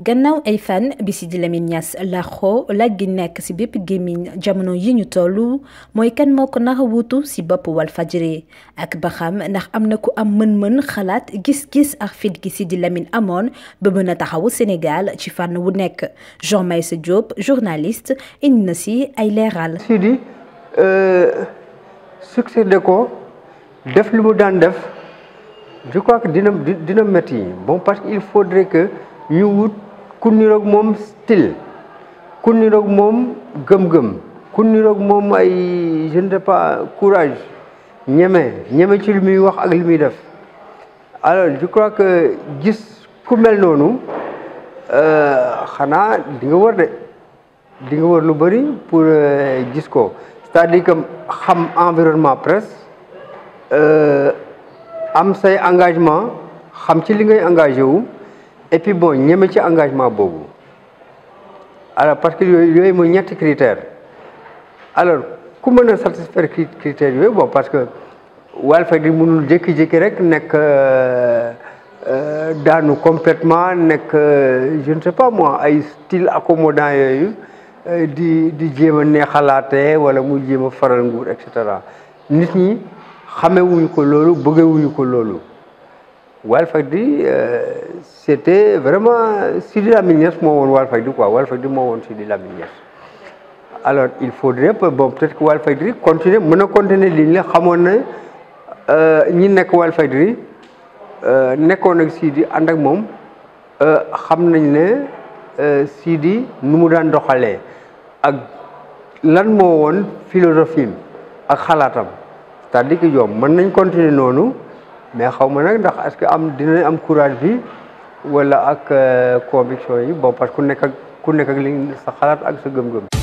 gannaaw ay fan bi Sidi Lamine Niass làqoo laaj gi nekk ci bépp gémmiñ jamono yi ñu toll mooy kenn moo ko nax wutu ci bopp Walfadjri ak ba xam ndax am na ku am mën-mën xalaat gis-gis ak fit gi Sidi Lamine amoon ba mën a taxawu Sénégal ci fànn wu nekk Jean Meissa Diop journaliste indi na ci ay leeral. Sidi euh, succédé ko def li mu daan def. je crois que dina dina métti bon parce qu'il faudrait que ñu wut ku niroog moom style ku niroog moom gëm-gëm ku niroog moom ay je ne sais pas courage ñeme ñeme ci li muy wax ak li muy def alors je crois que gis ku mel noonu euh, xanaa di nga wër de di nga wër lu bëri pour euh, gis ko c'est-à-dire que xam environnement presse euh, am say engagement xam ci li ngay engagé wu et puis bon ñeme ci engagement boobu alors parce que yooyu yooyu mooy ñetti critères alors ku mën a satisfaire critères yooyu bon parce que Walfadjri mënul jékki-jékki rek nekk euh, euh, daanu completement nekk euh, je ne sais pas moi ay style accommodant yooyu di di jéem a xalaate wala mu jéem a faral nguur et cetera nit ñi xamewuñu ko loolu bëggewuñu ko loolu Walfadjri euh, c' était vraiment Sidi Lamine Niass moo woon Walfadjri quoi Walfadjri moo woon Sidi Lamine Niass alors il faudrait bon peut être que Walfadjri continuer mën a continuer lii la xamoon na euh, ñi nekk Walfadjri euh, nekkoon ak Sidi ànd ak moom xam nañ ne Sidi nu mu daan doxalee ak lan moo woon philosophie ak xalaatam cest à mën nañ continuer noonu. mais xaw ma nag ndax est-ce que am dinañ am courage bi wala ak euh, conviction yi bon parce que ku nekk ak ku nekk ak li sa xalaat ak sa gëm-gëm.